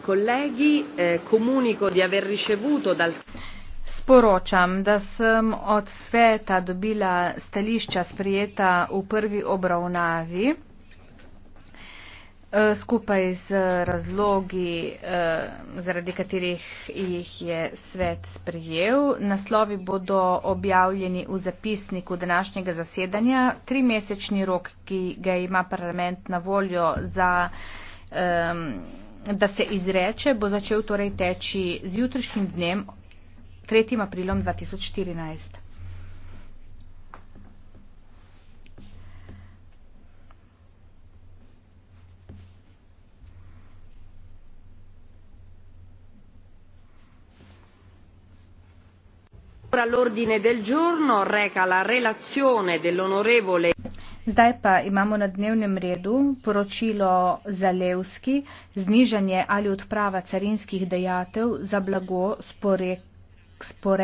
Colleghi, eh, comunico di aver ricevuto dal Sporočam, da sem od sveta dobila stališča sprijeta v prvi obravnavi. Eh, skupaj z razlogi, eh, zaradi katerih jih je svet sprejel. Naslovi bodo objavljeni v zapisniku današnjega zasedanja. Tri mesečni rok, ki ga ima parlament na voljo za. Um, da se izreče, bo začel torej teči z jutrišnjim dnem 3. aprilom 2014. sopra l'ordine del giorno reca la relazione dell'onorevole Zdaj pa imamo na dnevnem redu poročilo za Levski, znižanje ali odprava carinskih dejatev za blago s porek